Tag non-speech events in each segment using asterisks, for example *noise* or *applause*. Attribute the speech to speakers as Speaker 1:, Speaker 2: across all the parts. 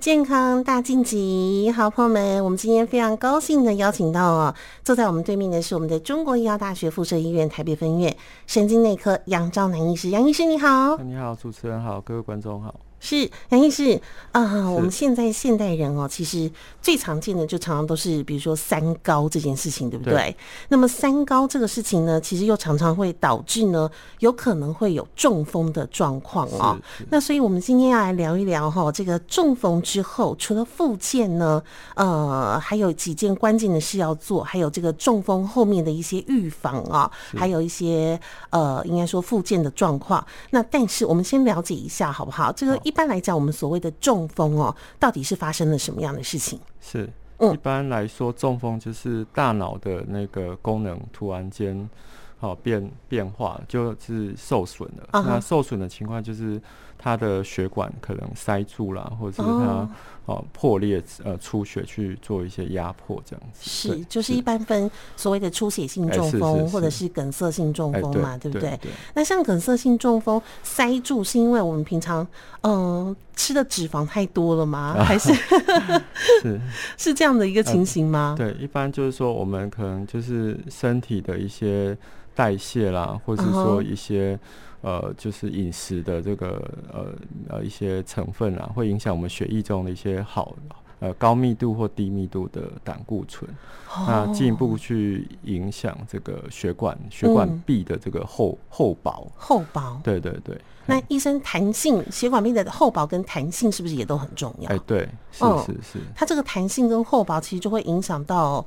Speaker 1: 健康大進擊，好朋友們，我們今天非常高興的邀請到哦，坐在我們對面的是我們的中國醫藥大學附設醫院台北分院神經內科楊昭男醫師，楊醫師你好。
Speaker 2: 嗯，你好，主持人好，各位觀眾好。
Speaker 1: 是楊醫師啊，呃，我們現在現代人哦，是其實最常見的就常常都是，比如說三高這件事情，對不對？對，那麼三高這個事情呢，其實又常常會導致呢，有可能會有中風的狀況啊。那所以，我們今天要來聊一聊哈，這個中風之後，除了復健呢，呃，還有幾件關鍵的事要做，還有這個中風後面的一些預防啊，是還有一些呃，應該說復健的狀況。那但是，我們先了解一下好不好？這個。一般來講，我們所謂的中風哦，到底是發生了什麼樣的事情？
Speaker 2: 是，一般來說，嗯、中風就是大腦的那個功能突然間好、啊、變變化，就是受損了。Uh huh. 那受損的情況就是。它的血管可能塞住了，或者是它、oh. 哦破裂呃出血去做一些壓迫這樣子。是，就
Speaker 1: 是一般分所謂的出血性中風、欸、是是是或者是梗塞性中風嘛，欸、對，對不對？對對對，那像梗塞性中風塞住，是因為我們平常嗯、呃、吃的脂肪太多了嗎？啊、還是 *laughs* 是是這樣的一個情形嗎、嗯？
Speaker 2: 對，一般就是說我們可能就是身體的一些代謝啦，或者是說一些、uh。Huh. 呃，就是飲食的這個呃呃一些成分啊，會影響我們血液中的一些好呃高密度或低密度的膽固醇，
Speaker 1: 哦、那進
Speaker 2: 一步去影響這個血管血管壁的這個厚厚薄、嗯、
Speaker 1: 厚薄。厚薄
Speaker 2: 對對對，
Speaker 1: 那醫生彈性、嗯、血管壁的厚薄跟彈性是不是也都很重
Speaker 2: 要？哎，欸、對，是是是、哦，
Speaker 1: 它這個彈性跟厚薄其實就會影響到。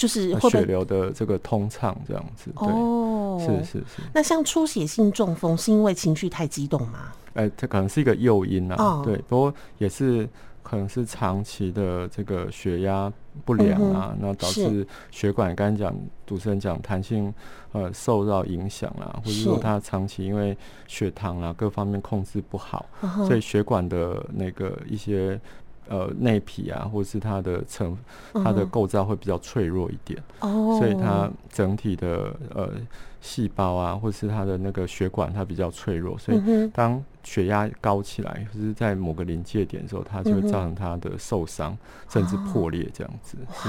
Speaker 1: 就是會不會血流
Speaker 2: 的這個通暢這樣子，對，oh, 是是是。那
Speaker 1: 像出血性中風是因為情緒太激動嗎？
Speaker 2: 呃、欸、它可能是一個誘因啊，oh. 對。不過也是可能是長期的這個血壓不良啊，那、mm hmm. 導致血管，剛是才講主持人講彈性呃受到影響啊，或者說它長期因為血糖啊各方面控制不好，mm hmm. 所以血管的那個一些。呃，內皮啊，或者是它的層，它的構造會比較脆弱一點，uh huh. 所以它整體的呃細胞啊，或者是它的那個血管，它比較脆弱，所以當血壓高起來，就、uh huh. 是在某個臨界點的時候，它就會造成它的受傷，uh huh. 甚至破裂這樣子。Uh huh. 是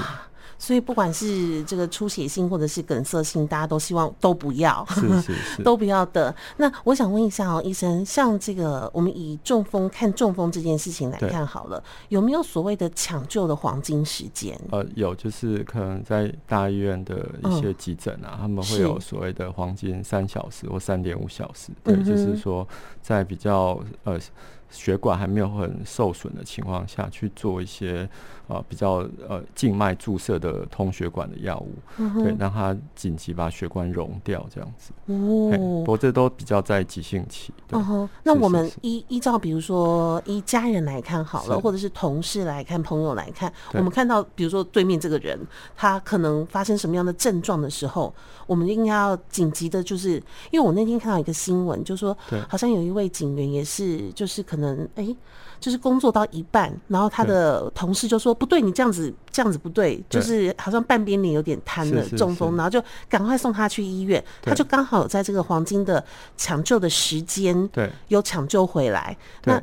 Speaker 1: 所以不管是這個出血性或者是梗塞性，大家都希望都不要，呵呵，是是是，都不要的。那我想問一下哦，醫生，像這個我們以中風看中風這件事情來看好了，對，有沒有所謂的搶救的黃金時間？
Speaker 2: 呃，有，就是可能在大醫院的一些急診啊，嗯、他們會有所謂的黃金三小時或三點五小時，對，嗯哼，就是說在比較呃血管還沒有很受損的情況下去做一些。啊，比較呃，靜脈注射的通血管的藥物，uh huh. 對，讓他緊急把血管溶掉，這樣子。哦、uh huh.，不過這都比較在急性期。
Speaker 1: Uh huh. 那我們依是依照比如說依家人來看好了，是或者是同事來看，朋友來看，是我們看到比如說對面這個人，他可能發生什麼樣的症狀的時候，我們應該要緊急的，就是因為我那天看到一個新聞，就說對好像有一位警員也是，就是可能哎。欸就是工作到一半，然後他的同事就說：“對不對，你這樣子這樣子不對，對就是好像半邊臉有點癱了，是是是中風，然後就趕快送他去醫院。對他就剛好在這個黃金的搶救的時間，對有搶救回來。”對那。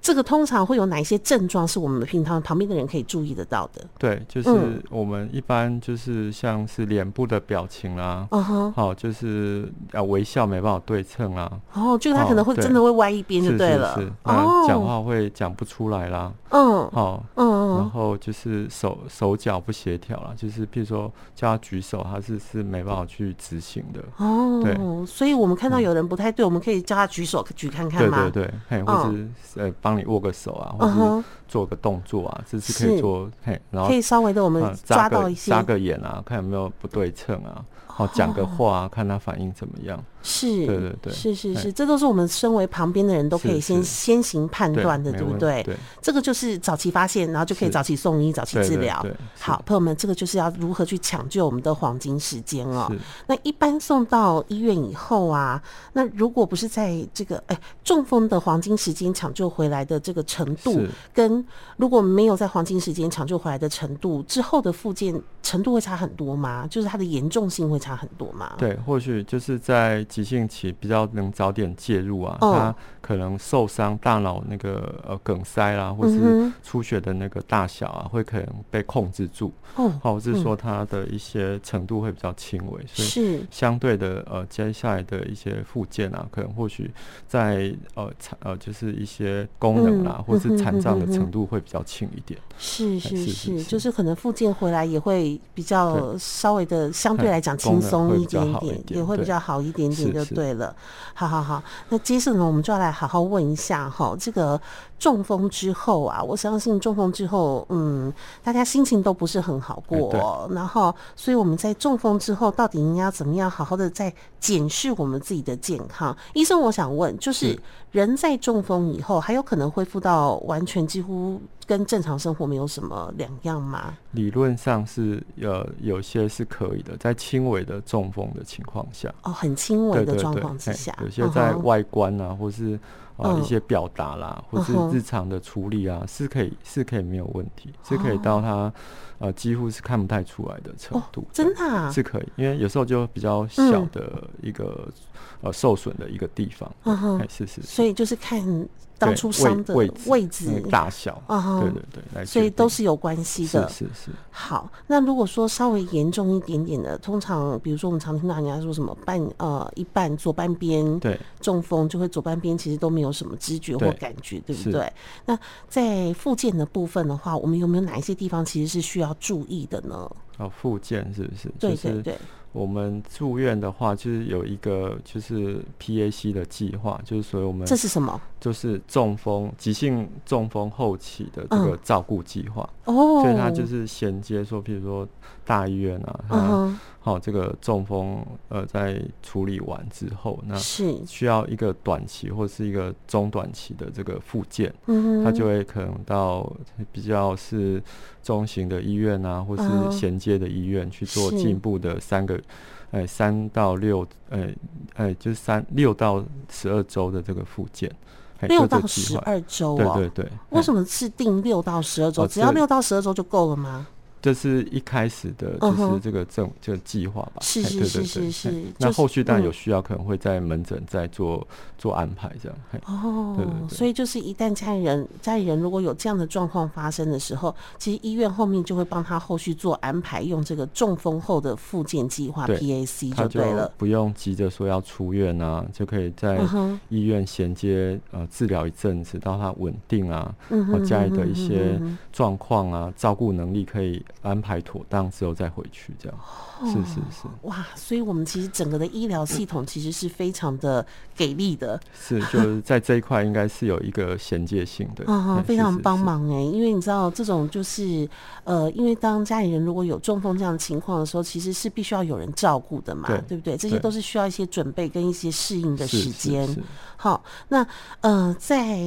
Speaker 1: 這個通常會有哪一些症狀是我們平常旁邊的人可以注意得到的？
Speaker 2: 對，就是我們一般就是像是臉部的表情啦、啊，哦、嗯，哼，好，就是啊微笑沒辦法對稱啊，哦，就他可能會真的會歪一邊就對了，對，是，是，是。啊，講話會講不出來啦，哦、好嗯，哦，嗯。然後就是手手腳不協調啦，就是比如說叫他舉手，他是是沒辦法去執行的。哦，對，
Speaker 1: 所以我們看到有人不太對，嗯、我們可以叫他舉手舉看看嗎？對對
Speaker 2: 對，嘿，哦、或者是呃、欸、幫你握個手啊，或者是做個動作啊，哦、這是可以做是嘿。然後可以稍微的我們抓到一些、嗯、眨個、眨個眼啊，看有沒有不對稱啊，好、哦，講個話啊，看他反應怎麼樣。
Speaker 1: 是，是是是，這都是我們身為旁邊的人都可以先先行判斷的，對不對？這個就是早期發現，然後就可以早期送醫、早期治療。好，朋友們，這個就是要如何去搶救我們的黃金時間哦。那一般送到醫院以後啊，那如果不是在這個哎中風的黃金時間搶救回來的這個程度，跟如果沒有在黃金時間搶救回來的程度之後的復健程度會差很多嗎？就是它的嚴重性會差很多嗎？對，
Speaker 2: 或許就是在。急性期比較能早點介入啊。Oh. 他可能受傷、大腦那個呃梗塞啦、啊，或是出血的那個大小啊，會可能被控制住，好、嗯，或是說它的一些程度會比較輕微，嗯、所以相對的呃接下來的一些復健啊，是可能或許在呃殘呃就是一些功能啊，嗯、或是殘障的程度會比較輕一點，是，是是是，
Speaker 1: 就是可能復健回來也會比較稍微的相對來講輕鬆一點點，也會比較好一點點就對了，是是好好好，那接着呢，我們就要來。好好問一下哈，這個。中風之後啊，我相信中風之後，嗯，大家心情都不是很好過、喔。欸、然後，所以我們在中風之後，到底應該怎麼樣好好的在檢視我們自己的健康？醫生，我想問，就是人在中風以後，是還有可能恢復到完全幾乎跟正常生活沒有什麼兩樣嗎？
Speaker 2: 理論上是，呃，有些是可以的，在輕微的中風的情況下，哦，很輕微的狀況之下對對對，欸，有些在外觀啊，uh huh、或是。啊，一些表達啦，嗯、或是日常的處理啊，嗯、是可以，是可以沒有問題，嗯、是可以到它，呃，幾乎是看不太出來的程度，哦、對真的、啊，是可以，因為有時候就比較小的一個。呃，受損的一個地方，嗯、uh huh, 欸、是，是是。
Speaker 1: 所以就是看當初傷的位位置，位置、嗯、大小，uh、huh, 對對對，來所以都是有關係的。是是是。好，那如果說稍微嚴重一點點的，通常比如說我們常聽到人家說什麼半呃一半左半邊，對，中風就會左半邊其實都沒有什麼知覺或感覺，對，對不對？是那在復健的部分的話，我們有沒有哪一些地方其實是需要注意的呢？
Speaker 2: 哦，復健是不是？對對對。就是我們住院的話，就是有一個就是 PAC 的計劃，就是所以我們這是什麼？就是中風急性中風後期的這個照顧計劃，哦，所以它就是銜接說，說譬如說大醫院啊，它好這個中風呃，在處理完之後，那是需要一個短期或是一個中短期的這個復健，嗯哼，它就會可能到比較是中型的醫院啊，或是銜接的醫院去做進一步的三個，是哎，三到六、哎，哎哎，就是三六到十二週的這個復健。六到十二周啊？對對對，
Speaker 1: 為什麼是定六到十二周？只要六到十二周就夠了嗎？哦
Speaker 2: 這是一開始的，就是這個證這個計劃吧，是是是是是。那後續當然有需要，可能會在門診再做做安排這樣。哦，對對對。
Speaker 1: 所以就是一旦家裡人家裡人如果有這樣的狀況發生的時候，其實醫院後面就會幫他後續做安排，用這個中風後的復健計劃 PAC 就對了，
Speaker 2: 不用急着說要出院啊，就可以在醫院銜接呃治療一陣子，到他穩定啊，或家裡的一些狀況啊，照顧能力可以。安排妥當之後再回去，這樣。哦、是是是。
Speaker 1: 哇！所以，我們其實整個的醫療系統其實是非常的給力的。嗯、
Speaker 2: 是，就是在這一塊應該是有一個銜接性的， *laughs* 嗯、
Speaker 1: 非常幫忙哎，欸。因為你知道，這種就是呃，因為當家裡人如果有中風這樣的情況的時候，其實是必須要有人照顧的嘛，對，對不對？這些都是需要一些準備跟一些適應的時間。是是是。好，那呃，在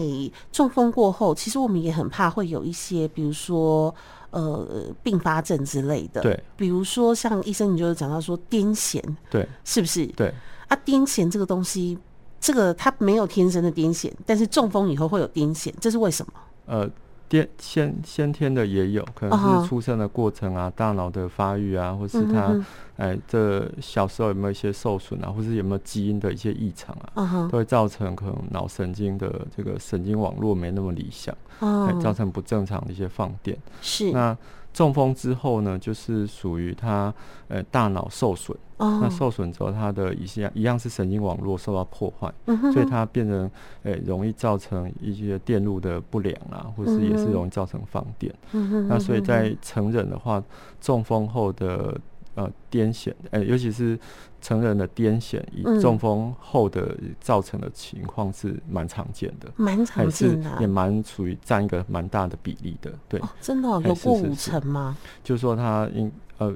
Speaker 1: 中風過後，其實我們也很怕會有一些，比如說。呃，併發症之類的，對比如說像醫生，你就講到說癲癇，對，是不是？對，啊，癲癇這個東西，這個它沒有天生的癲癇，但是中風以後會有癲癇，這是為什麼？
Speaker 2: 呃先先先天的也有，可能是出生的過程啊，oh, 大腦的發育啊，或者是他、嗯、哼哼哎，這小時候有沒有一些受損啊，或者有沒有基因的一些異常啊，oh, 都會造成可能腦神經的這個神經網絡沒那麼理想，oh. 哎、造成不正常的一些放電。是那中風之後呢，就是屬於他呃、哎、大腦受損。那受損之後，它的一些一樣是神經網絡受到破壞，嗯、哼哼，所以它變成誒、欸、容易造成一些電路的不良啊，或是也是容易造成放電。嗯、哼那所以在成人的話，中風後的呃癲癇，誒、欸、尤其是。成人的癲癇以中風後的造成的情況是蠻常見的，蠻、嗯、常見的、啊，也蠻屬於佔一個蠻大的比例的。對，哦、真的、哦、有過五成嗎？是是是就是說它應呃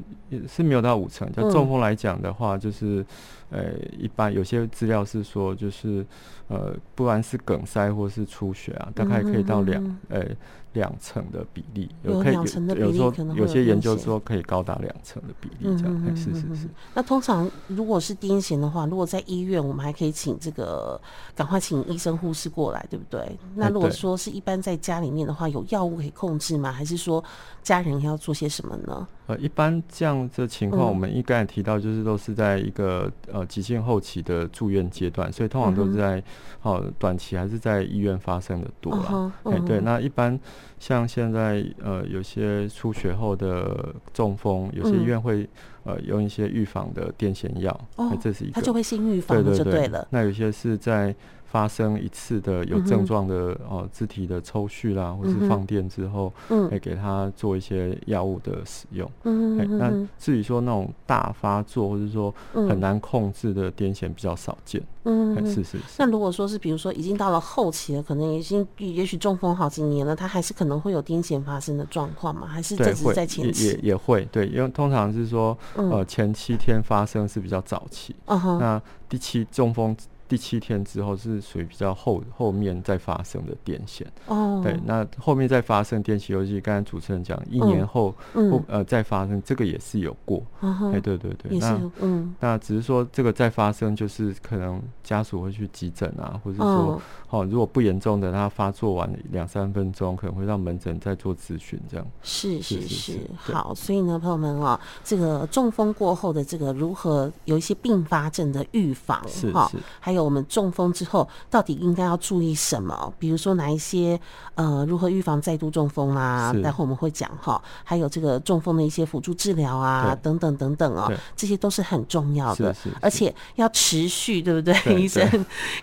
Speaker 2: 是沒有到五成，就中風來講的話，就是呃、嗯欸、一般有些資料是說，就是呃不然是梗塞或是出血啊，大概可以到兩呃兩成的比例，有可以有，有兩成的比例可能，有說有些研究說可以高達兩成的比例這樣，是是
Speaker 1: 是。那通常。如果是癲癇的話，如果在醫院，我們還可以請這個趕快請醫生、護士過來，對不對？那如果說是一般在家裡面的話，嗯、有藥物可以控制嗎？還是說家人要做些什麼呢？
Speaker 2: 呃，一般這樣的情況，我們剛才提到，就是都是在一個、嗯、呃急性後期的住院階段，所以通常都是在、嗯、哼哦短期還是在醫院發生的多了哎、嗯嗯，對，那一般。像現在呃，有些出血後的中風，有些醫院會、嗯、呃用一些預防的癲癇藥，那、哦、這是一個，它就會先預防對對對就對了。那有些是在。發生一次的有症狀的哦、嗯哼呃，肢體的抽搐啦，嗯、哼或是放電之後，來、嗯欸、給他做一些藥物的使用。嗯，那至於說那種大發作或者說很難控制的癲癇比較少見。嗯哼、欸，是是
Speaker 1: 是。那如果說是比如說已經到了後期了，可能也已經也許中風好幾年了，他還是可能會有癲癇發生的狀況嗎？還是這只是在前期？也
Speaker 2: 也會對，因為通常是說呃，前七天發生是比較早期。嗯哼，那第七中風。第七天之後是屬於比較後後面再發生的癲癇哦。Oh. 對，那後面再發生癲癇，尤其剛才主持人講，一年後或、嗯、呃再發生，這個也是有過。哎、uh，huh. 欸、對對對，是那，嗯。那只是說這個再發生，就是可能家屬會去急診啊，或者說、oh. 哦，如果不嚴重的，他發作完兩三分鐘，可能會讓門診再做諮詢這樣。是，是是是。是是是
Speaker 1: 好，所以呢，朋友們啊、哦，這個中風過後的這個如何有一些併發症的預防是，是、哦。還有。我們中風之後到底應該要注意什麼？比如說哪一些呃，如何預防再度中風啊？待會我們會講哈，還有這個中風的一些輔助治療啊，等等等等哦，這些都是很重要的，是而且要持續，對不對？醫生，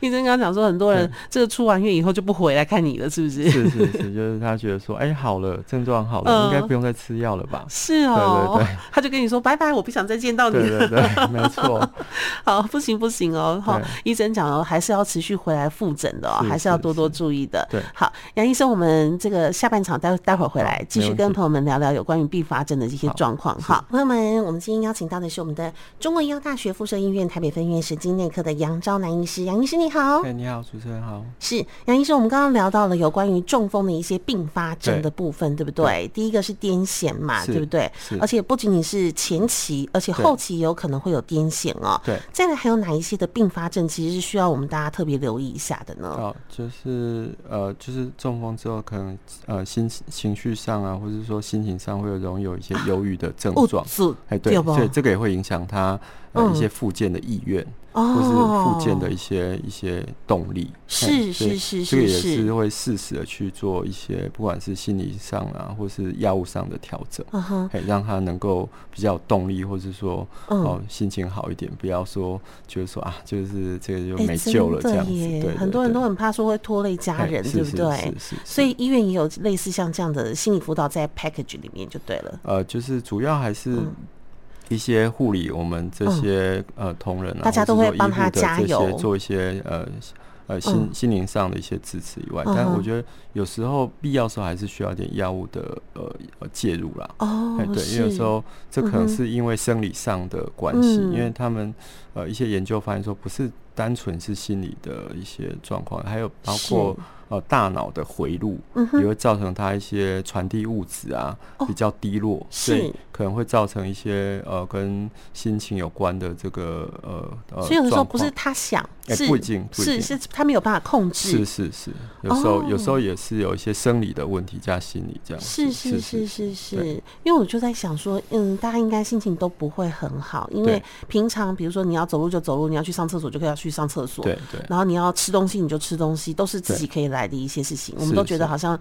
Speaker 1: 醫生剛剛講說，很多人這個出完院以後就不回來看你了，是不是？是是是，
Speaker 2: 就是他覺得說，哎，好了，症狀好了，應該不用再吃藥了吧？是哦，
Speaker 1: 他就跟你說拜拜，我不想再見到你了。對對，沒錯。好，不行不行哦，好，醫生。跟講哦，還是要持續回來複診的哦、喔，是是是，還是要多多注意的。對，好，楊醫生，我們這個下半場待會待會兒回來，繼續跟朋友們聊聊有關於併發症的這些狀況。好，朋友們，我們今天邀請到的是我們的中國醫藥大學附設醫院台北分院神經內科的楊昭男醫師。楊醫師你好，哎，
Speaker 2: 你好，主持人好。
Speaker 1: 是楊醫生，我們剛剛聊到了有關於中風的一些併發症的部分，對，對不對？對第一個是癲癇嘛，是 對不對？是 而且不僅僅是前期，而且後期
Speaker 2: 也有可能會有癲癇哦。對，
Speaker 1: 再來還有哪一些的併發症？其實是需要我們大家
Speaker 2: 特別留意一下的呢？哦、啊，就是呃，就是中風之後，可能呃，心情緒上啊，或者說心情上，會有容易有一些憂鬱的症狀、啊哦，是，哎，對，對吧？所以這個也會影響他。呃，一些復健的意願，或是復健的一些一些動力，是是是是，這個也是會適時的去做一些，不管是心理上啊，或是藥物上的調整，嗯哼，嘿，讓他能夠比較有動力，或是說，哦，心情好一點，不要說就是說啊，就是這個就沒救了這樣子。對，很多
Speaker 1: 人都很怕說會拖累家人，對不對？是。所以醫院也有類似像這樣的心理輔導在 package 裡面就對了。
Speaker 2: 呃，就是主要還是。一些護理，我們這些、嗯、呃，同仁啊，大家都會幫他，幫他加油，做一些呃呃心、嗯、心靈上的一些支持以外，嗯、哼但我覺得有時候必要的時候還是需要一點藥物的呃介入啦。哦，對，是因為有時候這可能是因為生理上的關係，嗯、因為他們呃一些研究發現說，不是單純是心理的一些狀況，還有包括。大腦的迴路也會造成他一些傳遞物質啊，比較低落，是，可能會造成一些呃跟心情有關的這個呃，所以有時候不是他想，是是是
Speaker 1: 他沒有辦法控制，是是
Speaker 2: 是，有時候有時候也是有一些生理的問題加心理這樣，是是是
Speaker 1: 是是，因為我就在想說，嗯，大家應該心情都不會很好，因為平常比如說你要走路就走路，你要去上廁所就可以要去上廁所，對對，然後你要吃東西你就吃東西，都是自己可以來的。的一些事情，我們都覺得好像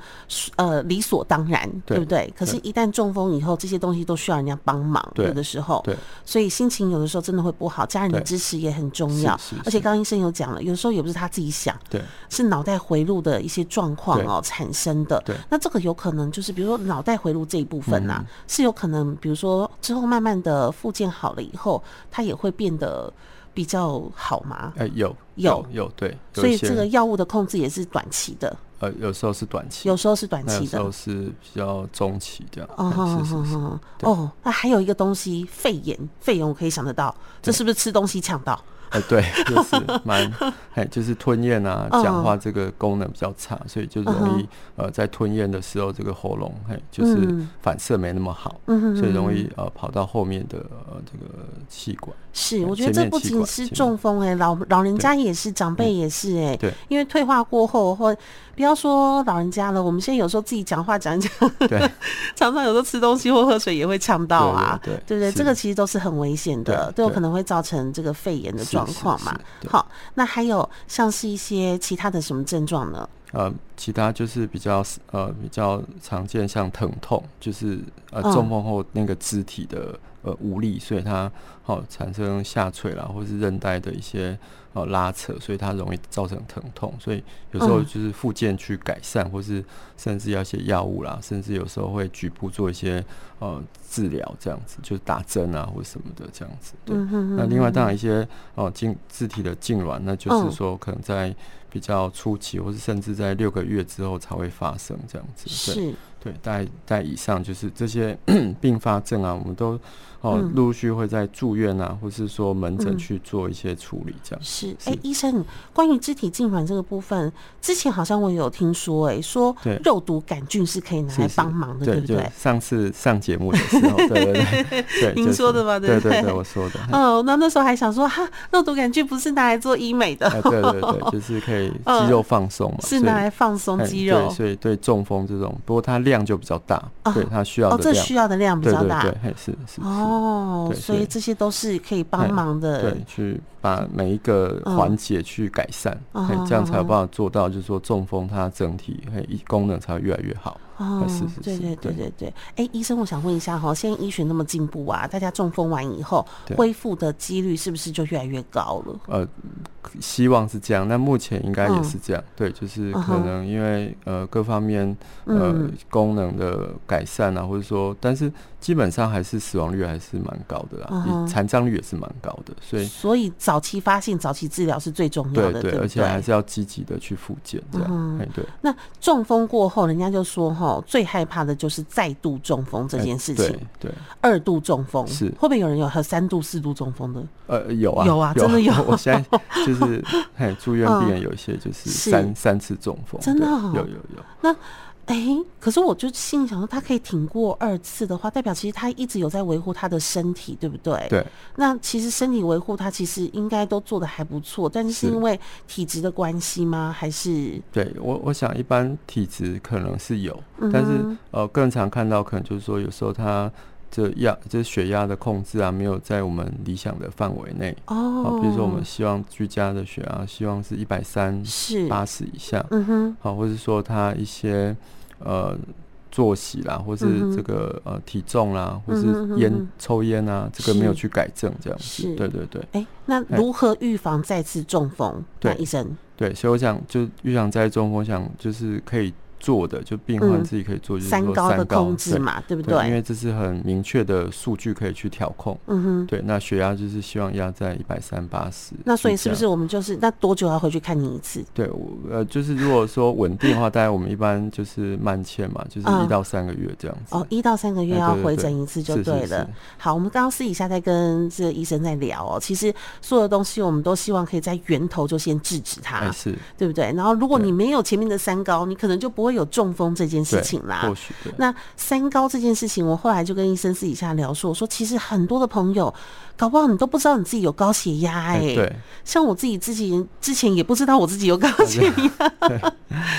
Speaker 1: 呃理所當然，對不對？可是，一旦中風以後，這些東西都需要人家幫忙。有的時候，對，所以心情有的時候真的會不好。家人的支持也很重要。而且，剛剛醫生有講了，有的時候也不是他自己想，對，是腦袋回路的一些狀況哦產生的。對，那這個有可能就是，比如說腦袋回路這一部分吶，是有可能，比如說之後慢慢的復健好了以後，他也會變得。比較好嗎？欸，有有有，
Speaker 2: 有，對，所以這個
Speaker 1: 藥物的控制也是短期的。
Speaker 2: 呃、有時候是短期，有時候是短期的，有時候是比較中期這樣。哦
Speaker 1: 哦，那還有一個東西，肺炎，肺炎我可以想得到，這是不是吃東西嗆到？
Speaker 2: 哎、欸、對，就是蠻 *laughs* 嘿，就是吞咽啊，講話這個功能比較差，所以就容易呃，在吞咽的時候，這個喉嚨嘿，就是反射沒那麼好，嗯，所以容易呃跑到後面的呃這個氣管。是，我覺得這不僅是中
Speaker 1: 風哎、欸，老老人家也是，長輩也是哎，對，因為退化過後或不要說老人家了，我們現在有時候自己講話講講，對， *laughs* 常常有時候吃東西或喝水也會嗆到啊，對不對？對？對這個其實都是很
Speaker 2: 危險的，都有可
Speaker 1: 能會造成這個肺炎的狀。狀況嘛，是是，好，那還有像是一些其他的什麼症狀呢？
Speaker 2: 呃，其他就是比較呃比較常見，像疼痛，就是呃中風後那個肢體的。嗯呃，無力，所以它好、哦、產生下垂啦，或是韌帶的一些呃拉扯，所以它容易造成疼痛。所以有時候就是復健去改善，嗯、或是甚至要些藥物啦，甚至有時候會局部做一些呃治療，這樣子就是打針啊或什麼的這樣子。對，嗯、哼哼哼那另外當然一些哦，進、呃、字體的痙攣，那就是說可能在比較初期，嗯、或是甚至在六個月之後才會發生這樣子。對。對，在在，以上就是這些併發症啊，我們都哦陸續會在住院啊，或是說門診去做一些處理，這樣是。
Speaker 1: 哎，醫生，關於肢體痙攣這個部分，之前好像我也有聽說，哎，說肉毒桿菌是可以拿來幫忙的，對不對？
Speaker 2: 上次上節目的時候，對對對，您說的嗎？對對對，我說的。哦，
Speaker 1: 那那時候還想說，哈，肉毒桿菌不是拿來做醫美的，對對對，
Speaker 2: 就是可以肌肉放鬆嘛，是拿來放鬆肌肉，所以對中風這種，不過它練。量就比較大，哦、對它需要的、哦、這需要的量比較大，對,對,對是是,是哦，對對對
Speaker 1: 所以這些都是可以幫忙的對，對，
Speaker 2: 去把每一個環節去改善、嗯，這樣才有辦法做到，就是說中風它整體還一功能才會越來越好。對對對對對，
Speaker 1: 哎、欸，醫生，我想問一下哈，現在醫學那麼進步啊，大家中風完以後對恢復的幾率是不是就越來越
Speaker 2: 高了？呃，希望是這樣，那目前應該也是這樣，嗯、對，就是可能因為、嗯、呃各方面呃功能的改善啊，或者說，但是。基本上還是死亡率還是蠻高的啦，殘障率也是蠻高的，所以
Speaker 1: 所以早期發現、早期治療是最重要的。對，而且還
Speaker 2: 是要積極的去復健這樣。嗯，哎對。
Speaker 1: 那中風過後，人家就說哈，最害怕的就是再度中風這件事情。對。二度中風是後面有人有和三度、四度中風的。呃，有啊，有啊，真的有。我現在就是，
Speaker 2: 嘿，住院病人有一些就是三三次中風，真的有有有。
Speaker 1: 那。哎、欸，可是我就心裡想說，他可以挺過二次的話，代表其實他一直有在維護他的身體，對不對？對。那其實身體維護他其實應該都做得還不錯，但是是因為體質的關係嗎？是還是？
Speaker 2: 對我，我想一般體質可能是有，嗯、哼但是呃，更常看到可能就是說有時候他。這壓這血壓的控制啊，沒有在我們理想的範圍內哦。好，oh. 比如說我們希望居家的血壓、啊、希望是一百三八十以下，嗯哼。好，或是說他一些呃作息啦，或是這個、嗯、哼呃體重啦、啊，或是煙、嗯、哼哼抽煙啊，這個沒有去改正這樣子。是對對對。哎，那如
Speaker 1: 何預防再次中風？對，醫生。
Speaker 2: 對，所以我想就預防再中風，我想就是可以。做的就病患自己可以做，就是三高的控制嘛，對不對？因為這是很明確的數據可以去調控。嗯哼，對。那血壓就是希望壓在一百三八十。那所以是不是
Speaker 1: 我們就是那多久要回去看你
Speaker 2: 一次？對，呃，就是如果說穩定的話，大概我們一般就是慢切嘛，就是一到三個月這樣子。哦，一
Speaker 1: 到三個月要回診一次就對了。好，我們剛剛私底下在跟這個醫生在聊哦，其實所有的東西我們都希望可以在源頭就先制止它，是對不對？然後如果你沒有前面的三高，你可能就不會有中風這件事情啦，對或許對那三高這件事情，我後來就跟醫生私底下聊說，我說其實很多的朋友，搞不好你都不知道你自己有高血壓哎、欸，欸、對像我自己自己之前也不知道我自己有高血壓、嗯。 *laughs*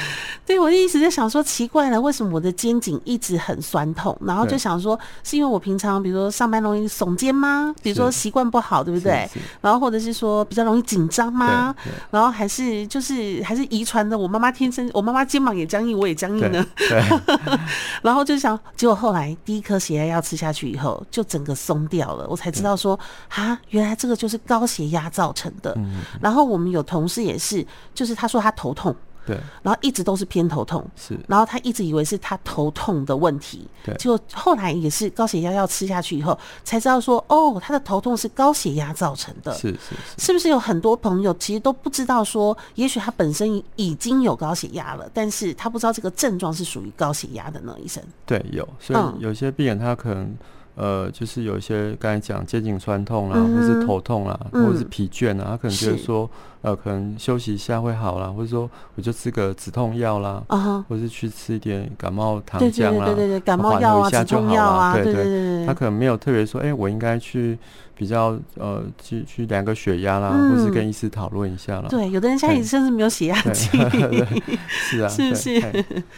Speaker 1: 對，我就一直在想說，奇怪了，為什麼我的肩頸一直很酸痛？然後就想說，是因為我平常比如說上班容易聳肩嗎？比如說習慣不好，對不對？然後或者是說比較容易緊張嗎？然後還是就是還是遺傳的？我媽媽天生，我媽媽肩膀也僵硬，我也僵硬呢，對，對 *laughs* 然後就想，結果後來第一顆血壓藥吃下去以後，就整個鬆掉了。我才知道說，啊對，原來這個就是高血壓造成的。嗯、哼然後我們有同事也是，就是他說他頭痛。對，然後一直都是偏頭痛，是，然後他一直以為是他頭痛的問題，對，結果後來也是高血壓藥吃下去以後，才知道說，哦，他的頭痛是高血壓造成的，是是是，是，是，是不是有很多朋友其實都不知道說，也許他本身已經有高血壓了，但是他不知道這個症狀是屬於高血壓的呢，醫
Speaker 2: 生對，有，所以有些病人他可能、嗯。呃，就是有一些剛才講肩頸酸痛啦，或者是頭痛啦，或者是疲倦啦。他可能覺得說，呃，可能休息一下會好啦，或者說我就吃個止痛藥啦，啊或者是去吃一點感冒糖漿啦，對對對感冒藥啊，中藥對對對，他可能沒有特別說，哎，我應該去比較呃，去去量個血壓啦，或者是跟醫師討論一下啦。對，
Speaker 1: 有的人家裡甚至沒有血壓計，是啊，是不是？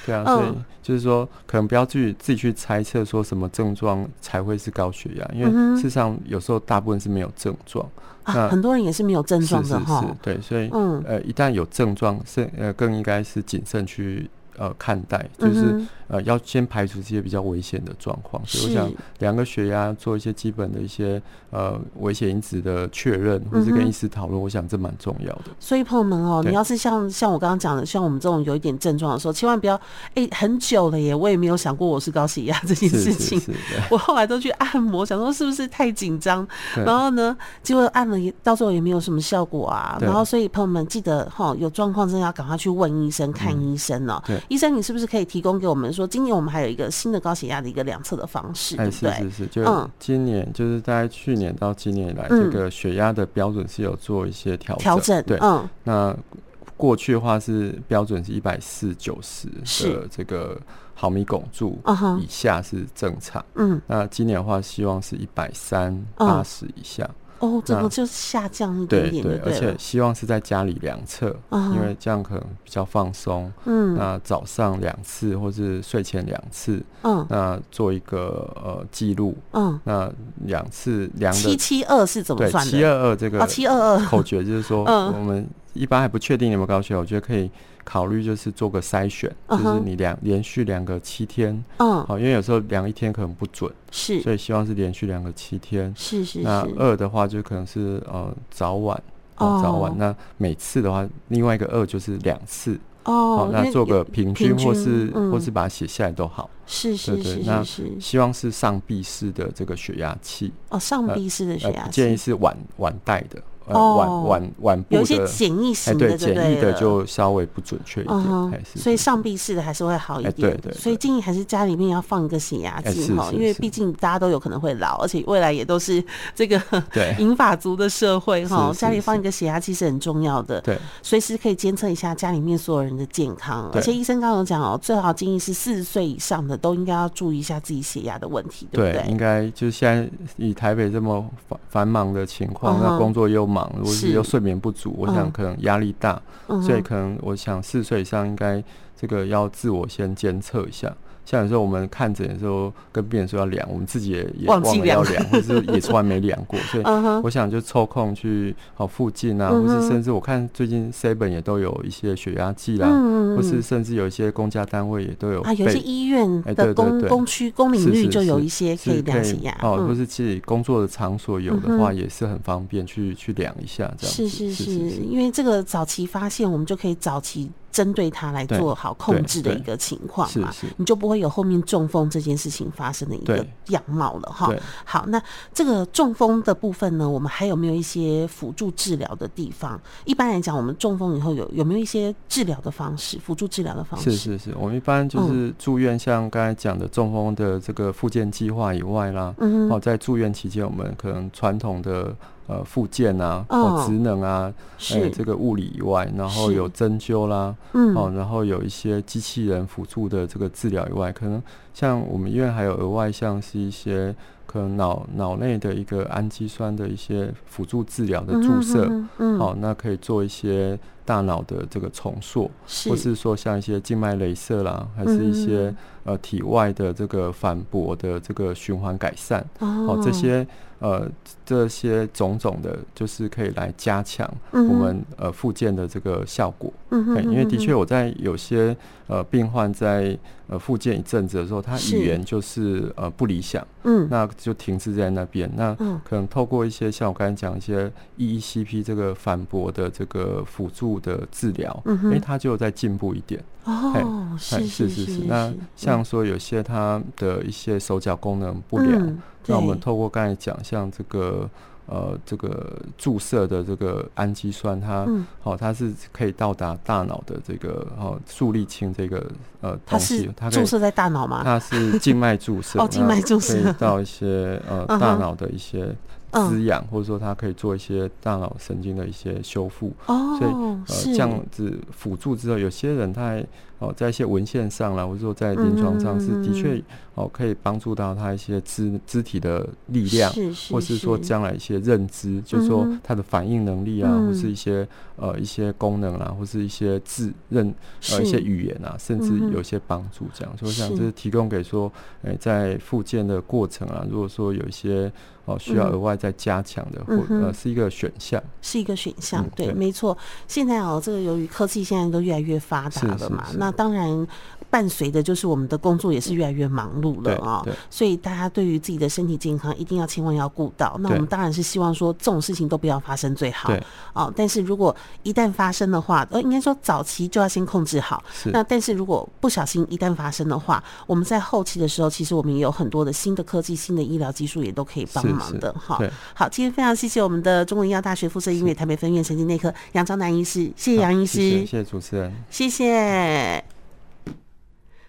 Speaker 1: 對啊，所以。
Speaker 2: 就是說，可能不要自己自己去猜測說什麼症狀才會是高血壓，因為事實上有時候大部分是沒有症狀，啊、那很多人也是沒有症狀的哈。對，所以、嗯、呃一旦有症狀，是呃更應該是謹慎去。呃，看待就是呃，要先排除這些比較危險的狀況。嗯、哼所以我想，量個血壓做一些基本的一些呃危險因子的確認，嗯、哼或是跟醫師討論，我想這蠻重要的。
Speaker 1: 所以朋友們哦、喔，對你要是像像我剛剛講的，像我們這種有一點症狀的時候，千萬不要哎、欸、很久了耶，我也沒有想過我是高血壓這件事情。是是是我後來都去按摩，想說是不是太緊張？對然後呢，結果按了也，到最後也沒有什麼效果啊。對然後所以朋友們記得哈，有狀況真的要趕快去問醫生、嗯、看醫生了、喔。對醫生，你是不是可以提供給我們說，今年我們還有一個新的高血壓的一個量測的方式，對不對？哎、欸，是是
Speaker 2: 是，就是今年、嗯、就是在去年到今年以來，嗯、這個血壓的標準是有做一些調整，調整對，嗯。那過去的話是標準是一百四九十的這個毫米汞柱，以下是正常，嗯。那今年的話，希望是一百三八十以下。嗯哦，這個
Speaker 1: 就下降一點點，對了，那對對。而且
Speaker 2: 希望是在家裡量測，嗯、因為這樣可能比較放鬆。嗯，那早上兩次，或是睡前兩次。嗯，那做一個呃記錄。嗯，那兩次量的。七七
Speaker 1: 二是怎麼算的？七二二
Speaker 2: 這個口訣就是說，我們一般還不確定有沒有高血壓，嗯、我覺得可以。考慮就是做個篩選，就是你量連續量個七天，嗯，好，因為有時候量一天可能不準，是，所以希望是連續量個七天，是是是。那二的話就可能是呃早晚，哦，早晚。那每次的話，另外一個二就是兩次，哦，那做個平均或是或是把它寫下來都好，是是是，那希望是上臂式的這個血壓器，哦，上臂式的血壓建議是晚晚帶的。哦，晚晚晚，有一些簡易型的。對對對，就稍微不準確一點，還是，所
Speaker 1: 以上臂式的還是會好一點，對對，所以建議還是家裡面要放一個血壓計哈，因為畢竟大家都有可能會老，而且未來也都是這個對。銀髮族的社會哈，家裡放一個血壓計是很重要的，對，隨時可以監測一下家裡面所有人的健康，而且醫生剛剛有講哦，最好建議是四十歲以上的都應該要注意一下自己血壓的問題，對不對？
Speaker 2: 應該就是現在以台北這麼繁忙的情況，那工作又如果是要睡眠不足，我想可能壓力大，所以可能我想四歲以上應該這個要自我先監測一下。像有時候我們看診的時候，跟病人說要量，我們自己也也忘了要量，或是也從來沒量過，所以我想就抽空去哦附近啊，或是甚至我看最近 Seven 也都有一些血壓計啦，或是甚至有一些公家單位也都有啊，有些醫院的公公區公領域就有一些可以量血壓，哦，或是自己工作的場所有的話也是很方便去去量一下這樣。是是是，因
Speaker 1: 為這個早期發現，我們就可以早期。針對它來做好控制的一個情況嘛，是是，你就不會有後面中風這件事情發生的一個樣貌了哈。好，那這個中風的部分呢，我們還有沒有一些輔助治療的地方？一般來講，我們中風以後有有沒有一些治療的方式，輔助治療的方式？是
Speaker 2: 是是，我們一般就是住院，像剛才講的中風的這個復健計劃以外啦，哦、嗯哼，在住院期間，我們可能傳統的。呃，復健啊，哦，職能啊，是還有這個物理以外，然後有針灸啦、啊，嗯是，哦，然後有一些機器人輔助的這個治療以外，可能像我們醫院還有額外像是一些可能腦腦內的一個氨基酸的一些輔助治療的注射，嗯，好，那可以做一些。大腦的這個重塑，是或是說像一些靜脈雷射啦，還是一些、嗯、呃體外的這個反搏的這個循環改善，哦，哦，這些呃這些種種的，就是可以來加強我們、嗯、哼呃復健的這個效果。嗯哼，因為的確我在有些呃病患在呃復健一陣子的時候，他語言就是，是呃不理想，嗯，那就停滯在那邊。那可能透過一些像我剛才講一些 EECP 這個反搏的這個輔助的治療，因為、嗯哼欸、它就在進步一點哦，嘿是，是是是。是是是，那像說有些它的一些手腳功能不良，嗯，那我們透過剛才講，像這個呃這個注射的這個氨基酸，它好、嗯哦、它是可以到達大腦的這個哦，樹立清這個呃，是東西，它是它注射在大腦嗎？它是靜脈注射靜脈、 *laughs* 哦、注射到一些呃大腦的一些。嗯滋養，或者說它可以做一些大腦神經的一些修復，oh, 所以呃，是這樣子輔助之後，有些人他還。哦，在一些文獻上啦，或者說在臨床上是的確哦，可以幫助到他一些肢肢體的力量，是是是，或是說將來一些認知，是是就是說他的反應能力啊，嗯、或是一些呃一些功能啊，或是一些字認呃是一些語言啊，甚至有一些幫助這樣。所以我想這是提供給說，哎、欸，在復健的過程啊，如果說有一些哦、呃、需要額外再加強的，或、嗯嗯、呃是一個選項，
Speaker 1: 是一個選項，對，對沒錯。現在哦，這個由於科技現在都越來越發達了嘛，是是是那那當然，伴隨的就是我們的工作也是越來越忙碌了啊、哦，所以大家對於自己的身體健康一定要千萬要顧到。對那我們當然是希望說這種事情都不要發生最好，對哦。但是如果一旦發生的話，呃，應該說早期就要先控制好。是那但是如果不小心一旦發生的話，我們在後期的時候，其實我們也有很多的新的科技、新的醫療技術也都可以幫忙的哈、哦。好，今天非常謝謝我們的中國醫藥大學附設醫院台北分院神經內科楊昭南醫師，謝謝楊醫師謝謝，謝謝主持人，謝謝。